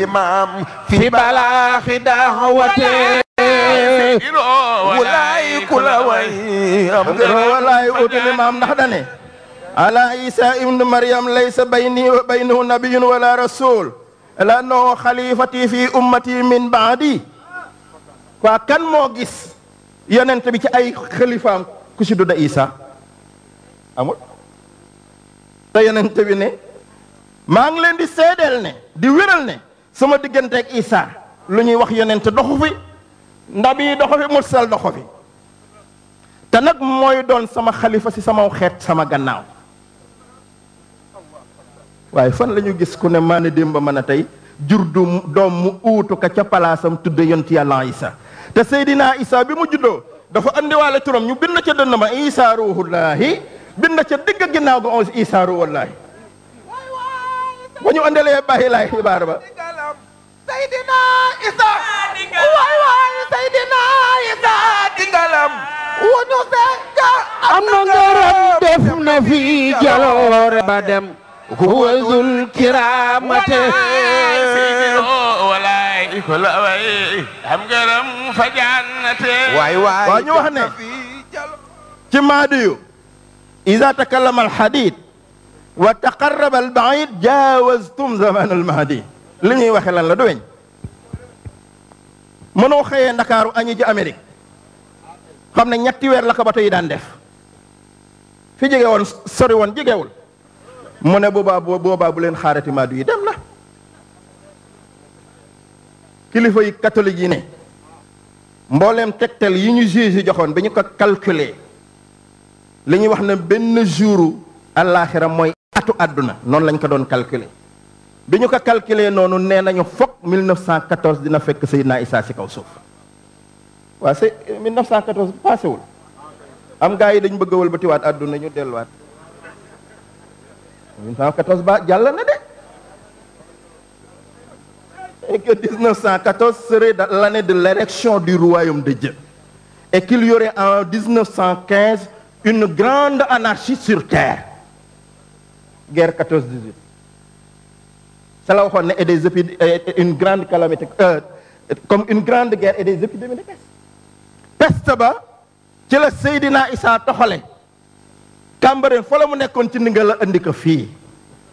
الإمام في بلاغ دعوته ولاي كل وي ولاي أوت الإمام نحدني على عيسى ابن مريم ليس بيني وبينه نبي ولا رسول لأنه خليفتي في أمتي من بعدي وكان موجس يننت بك أي خليفة كشدو دا عيسى أمر يننت بني ما نلين دي سيدل ني دي ويرل ني sama digganteeg Isa lu ñuy wax yonent doxu fi ndabi doxu fi mursal doxu fi te nag mooy doon sama xalifa si sama xeet sama gannaaw waaye fan lañu gis ku ne maa ne démb ma a tey jur du doom mu uutu ka ca palaasam tudde yonent yàlla Isa te Seydina Isa bi mu juddoo dafa andiwaale turam ñu bind ca dënn ma Isa ruhullahi bind ca digg ginnaaw ga on Isa ruhullahi ba ñu andalee bàyyi laay xibaar ba Seydina Isa waay waay Seydina Isa dingalam wuñu senga am na ngaram def na fi jaloore ba dem huwa zul kiramate walaay walaay am ngaram fa jannate waay waay ñu wax ne ci maadiyu ida takallama alhadid wa taqarraba albaid jawaztum zaman almahdi li ñuy waxe lan la du weñ mënoo xëyee ndakaaru añi ji Amérique xam na ñetti weer la yi daan def fi jege woon sori woon jegewul mu ne boobaa boobaa bu leen xaarati maadu yi dem na kilifa yi catholique yi ne mbooleem tegtal yi ñu juge joxoon bi ñu ko calculer li ñuy wax ne benn jouru àllaaxira mooy atu àdduna noonu lañ ko doon calculer bi ñu ko calculer noonu nee nañu foog 1914 dina fekk Seydina Issa si kaw suuf waa c'est 1914 paasewul am gaa yi dañ bëgg a wëlbatiwaat àdduna ñu delluwaat 1914 ba jàll na de et que de l'érection du royaume de Dieu et qu'il en 1915 une grande anarchie sur terre guerre 14 la waxoon ne et des épi une euh, une grande guerre et des ci la Seydina Issa toxale Cambérène fa la mu nekkoon ci ndinga la andi ko fii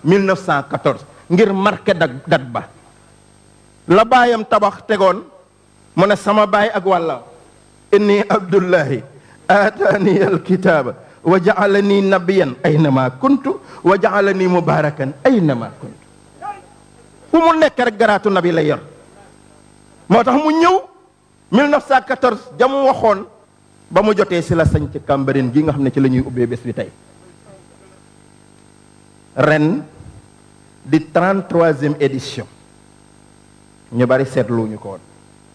1914 ngir marqué dak dat ba la baayam tabax tegoon mu ne sama baay ak wàlla inni abdullahi aataani alkitaaba wa jaalani nabiyan aynama kuntu wa jaalani mubarakan aynama kuntu fu mu nekk rek garaatu nabi lay yor moo tax mu ñëw 1914 jamu waxoon ba mu jotee si la sañ ci Cambérène nga xam ne ci la ñuy ubbee bés bi tey ren di 33e édition ñu bari seetluwuñu ko woon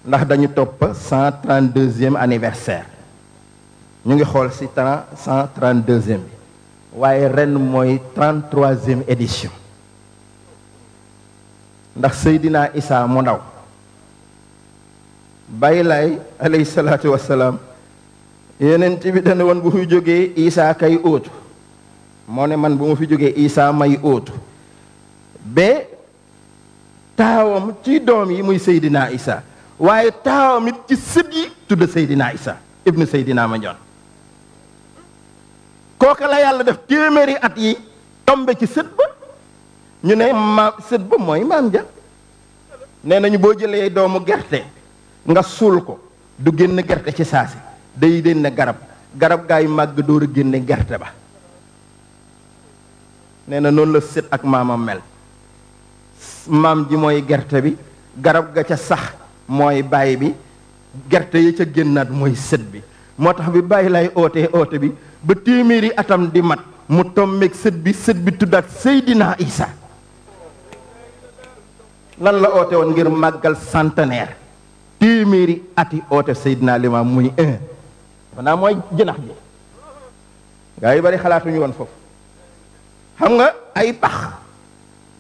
ndax dañu topp 132e anniversaire ñu ngi xool si 132e bi waaye ren mooy 33e édition ndax Seydina Isa mu ndaw bàyyi laay alayhi salaatu wassalaam yeneen ci bi dana bu fi jógee Isa kay óotu moo ne man bu ma fi jógee Isa may óotu ba taawam ci doom yi muy Seydina Isa waaye taawam it ci sët yi tudd Seydina Isa ibnu Seydina Mandione kooka la yàlla def téeméeri at yi tombe ci sët ba ñu ne maam sët ba mooy maam ja nee nañu boo jëlee doomu gerte nga suul ko du génn gerte ci saasi day génn garab garab gaay màgg door a génne gerte ba nee na noonu la sët ak maamam mel maam ji mooy gerte bi garab ga ca sax mooy baay bi gerte yi ca génnaat mooy sët bi moo tax bi bàyyi lay oote oote bi ba yi atam di mat mu tommeeg sët bi sët bi tuddaat Seydina Isa lan la oote woon ngir màggal centenaire téeméeri ati oote Seydina Limaam muy un xanaa mooy jënax ji gaa yu bari xalaatuñu woon foofu xam nga ay pax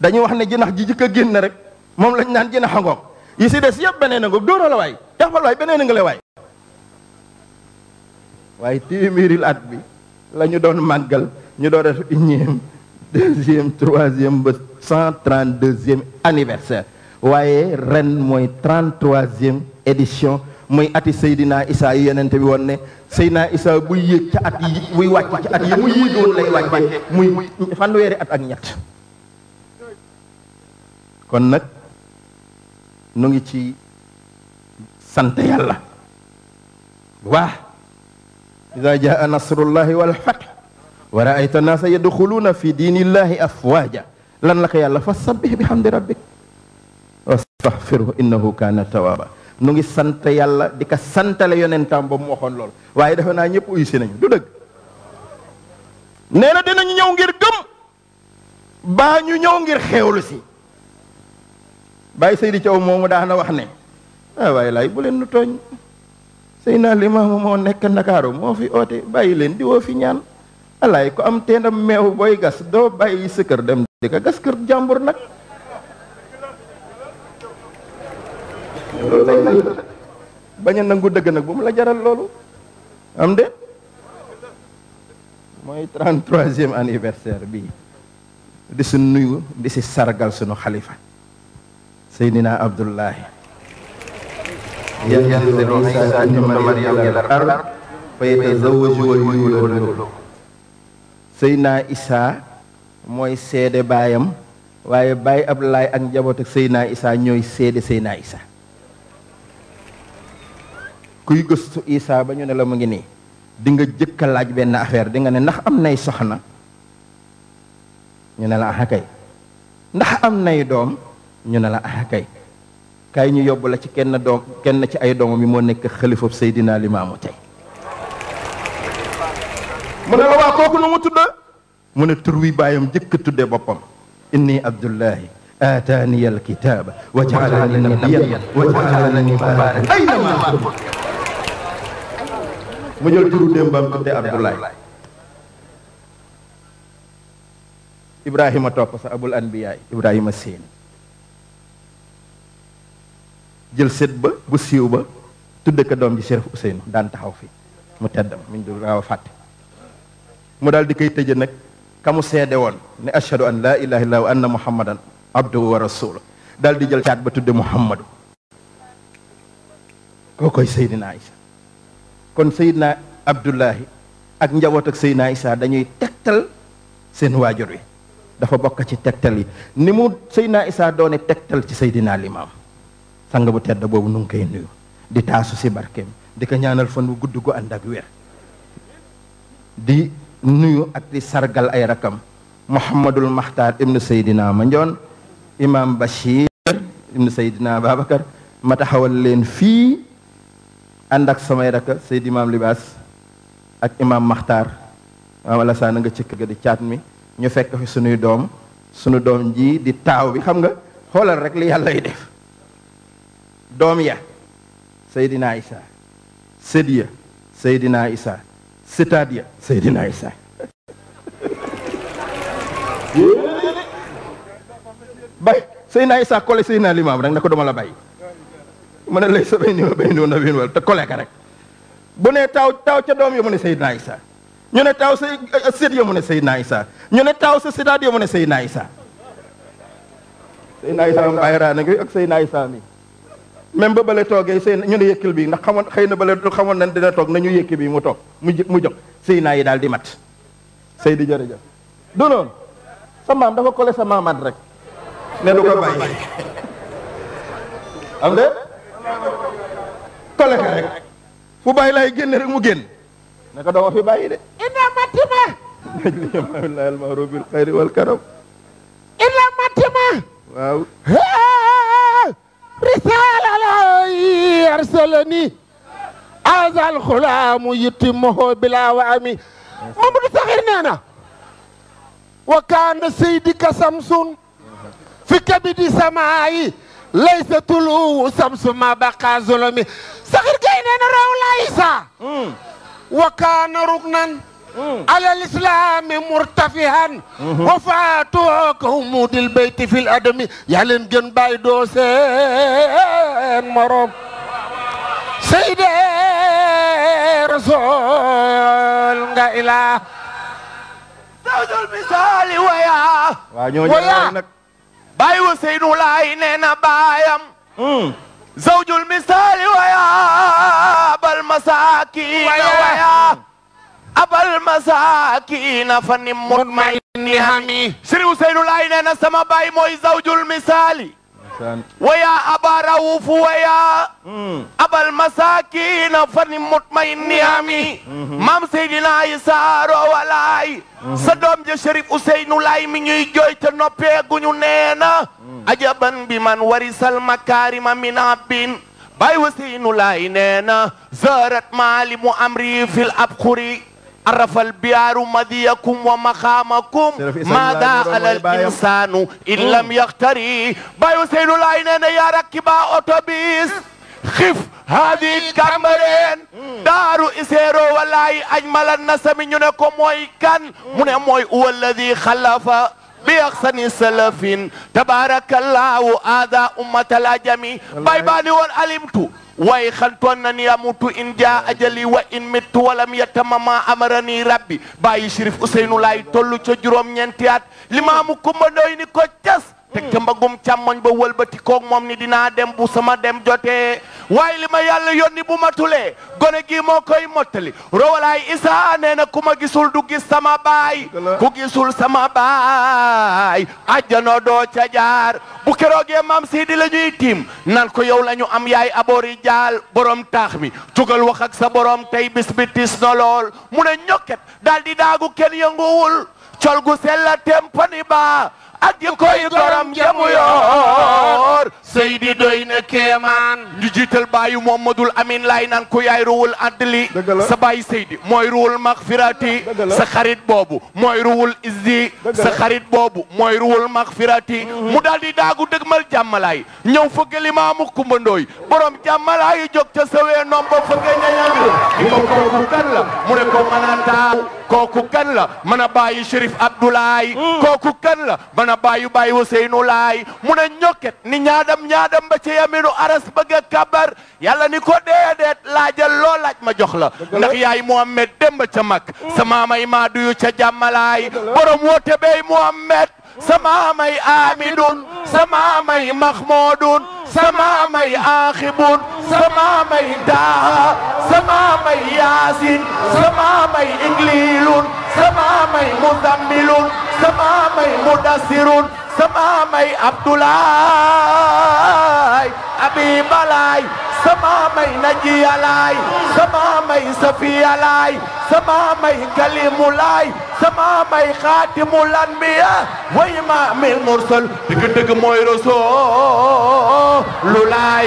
dañuy wax ne jënax ji jëkk a génn rek moom lañ naan jënax a ngoog yi si des yëpp beneen a ngoog dóora la waay jaxbal waay beneen a waaye téeméeril at bi lañu doon màggal ñu doon def unième deuxième troisième cent 132e anniversaire waaye ren mooy 33e édition muy ati Seydina Issa yi yonente bi woon ne Seydina Issa buy yéeg ca at buy wàcc at yi mu yéegoon lay wàccee muy at ak ñett kon nag nu ngi ci sant yàlla waa ida jaa nasrullahi wal fath wa raayta naasa yadxuluuna fi diinillahi afwaaja lan la ko yàlla fa sabbih bi hamdi rabbik wastaghfirhu innahu kaana tawaaba nu ngi sant yàlla di ko santale yonentam ba mu waxoon loolu waaye defe naa ñëpp uyu si nañu du dëgg nee na dinañu ñëw ngir gëm baa ñu ñëw ngir xeewlu si bàyyi Seydi Thiaw moomu daana wax ne ah waaye laay bu leen nu tooñ sëy naa limaamu moo nekk Ndakaaru moo fi oote bàyyi leen di woo fi ñaan alaay ko am teen am meew booy gas doo bàyyi sa kër dem di ko gas kër jàmbur nag bañ a nangu dëgg nag bu mu la jaral loolu am de mooy trente-troisième anniversaire bi di su nuyu di si sargal sunu xalifa Seydina Abdullahi yanzilu Isa ibn Maryam ila al-ard fa yatazawwaju wa yuwallidu sëy naa Isa mooy seede baayam waaye Baye Abdoulaye ak njaboot ak naa Isa ñooy seede naa Isa kuy gëstu Isa ba ñu ne la mu ngi nii dinga jëkka laaj benn affaire di nga ne ndax am nay soxna ñu ne la ah ndax am nay doom ñu ne la ah kay ñu yobbu la ci kenn doom kenn ci ay doomam yi moo nekk xalifab Seydina Limaamu tey mu ne la waa kooku nu mu tudda mu ne tur wi bàyyam jëkk tudde boppam inni abdullahi aataani alkitaaba wa jaalani nabiyyan wa jaalani mubarakan aynama mu jël turu tudde abdullahi ibrahima topp sa abul anbiya ibrahima seen jël sët ba bu siiw ba tudde ko doom ji Cheikh Ousseynou daan taxaw fi mu tedd mi ñu dul mu daal di koy tëje nag kamu seede woon ne ashhadu an laa ilaha illah wa anna muhammadan abduhu wa rasuluh dal di jël caat ba tudde muhammadu koo koy seydina isa kon seydina abdullahi ak njaboot ak seydina isa dañuy tegtal seen waajur wi dafa bokk ci tegtal yi ni mu seydina isa doone tegtal ci seydina limaam sang bu tedd boobu nu ngi koy nuyu di taasu si barkeem di ko ñaanal fan wu gudd gu ànd ak wér nuyu ak di sargal ay rakam Mouhamadul Makhtar ibnu Seydina Mandione Imam Bachir ibnu Seydina Babacar ma taxawal leen fii ànd ak samay rakk Seydi Imam Libaas ak Imam nga ci kër caat mi ñu fekk fi sunuy doom sunu doom ji di taaw bi xam nga xoolal rek li ya Seydina Isa sëd ya Seydina Isa sëtaat ya Seydina Isa bay Seydina Isa kole Seydina Limaam rek na ko duma la bàyyi mu ne lay bay ni ma bay doon na wéen wal te kole ka bu ne taw taw ca doom ya mu ne Seydina Isa ñu ne taw sa euh, sët ya mu ne Seydina Isa ñu ne taw sa sëtaat ya mu ne Seydina Isa Seydina Isa am bayraa na ak Seydina Isa mi même ba bale toogee sëy ñu ne yëkkal bii ndax xamoon xëy na bale xamoon nañ dina toog nañu yëkki bii mu toog mu mu jox sëy naa yi daal di mat sëy di jërëjëf du noonu sa maam dafa kole sa maamaat rek ne du ko bàyyi am de kole ka fu bàyyi laay génn rek mu génn ne ko dooma fi bàyyi de ina matima najliamamillah almahru bil xayri wal karam ina matima waaw أرسلني هذا الغلام يتمه بلا وامي مامدو ساخير نانا وكان سيدك شمس في كبد سمائي ليس طلوع شمس ما بقى ظلمي ساخير كاي نانا راو لايسا وكان ركنا على الاسلام مرتفعا وفاته كهمود البيت في الادم يا لين جن باي دوسين مروم Seydi Rasul nga ilaa sawdul misaali waya waa ñoo ñëw wa Seydu Laay nee na baayam hmm. zawjul misaali waya abal masaakiina baay mooy zawjul misaali ويا أبا روف ويا أبا المساكين فني مطمئن نيامي مام سيدنا يسارو ولاي sa doom ja Chérif Ousseynou Laay mi ñuy jooy te noppeeguñu nee na hmm. ajaban bi man warisal makaarima min abin bay Ousseynou Laay nee na zarat maali mu amri fil abxuri arafa albiyaaru madiyakum wa maqaamakum maada ala al insaanu in lam yaxtari bàyu seynu laay nee na yaa rakiba autobus xif haadi kambareen daaru iseero walaayi ajmalan na sami ñu ne ko mooy kan mu ne mooy huwa alladi xalafa بأحسن سلف تبارك الله هذا أمة الأجمي باي باني والعلمت ويخنت أنني أموت إن جاء أجلي وإن مت ولم يتم ما أمرني ربي باي شريف أسين لاي تولو تجرم ينتيات لما مكم دويني كوتس تكتم بغم تامن بولبتي كوك مومني دينا دم بوسما دم جوتي waaye li ma yàlla yónni bu ma tulee gone gi moo koy mottali rowalaay isaa nee na ku ma gisul du gis sama baay ku gisul sama baay ajjana doo ca jaar bu keroogee mam siidi la ñuy tiim nan ko yow lañu am yaay aboori jaal borom taax mi tugal wax ak sa borom tey bis bi lool mu ne ñokket daal di daagu kenn yënguwul col gu sella tempani ba ak jëm koy gorom jamu yoor Seydi doy na kéemaan ñu jiital baayu Momadul Amin laay naan ku yaay ruwul addli sa baay Seydi mooy ruwul maxfirati sa xarit boobu mooy ruwul izzi sa xarit boobu mooy ruwul maxfirati mm-hmm. mu daal di daagu dëgmal jàmmalaay ñëw fëgga limaamu kumbandooy borom jàmmalaay jóg ca sawee nomba fëgga ñañami di ko kooku kan mu ne ko mën a taaw kooku kan la mën a mm. kooku kan na baayu baayu Ousseynou Laay mu ne ñokket ni ñaadam ñaadam ba ci yaminu aras bëgg a kabar yàlla ni ko déedéet laajal loo laaj ma jox la ndax yaay Muhammed demba ca mag mm. sa maamay maa duyu ca jàmmalaay borom woote bey Muhammed sa maamay aamidun sa maamay mahmoodun sa maamay aaxibun sa maamay daaha sa maamay yaasin sa maamay ingliilun sa maamay muzammil may sama may abdoulaay abi balaay sama may najiyalaay sama may safiyalaay sama may kalimulaay sama may xaatimul anbiya wa imaamil mursal dëgg-dëgg mooy rasoolulaay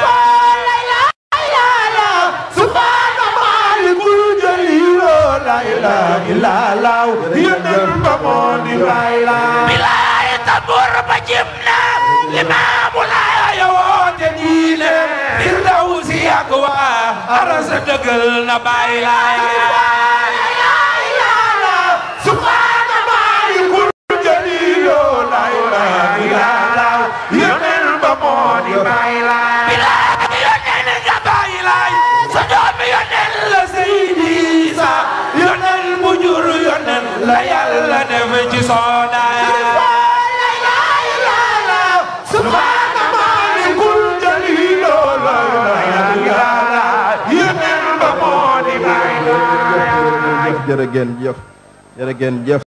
ilaa law yónneen ba moo di baay laa bilaay tambur ba jëm na limaamu laaya yowoote diine firdawsi ak waa arasa dëggal na baay laa my life. jërë ngeen jëf jërë ngeen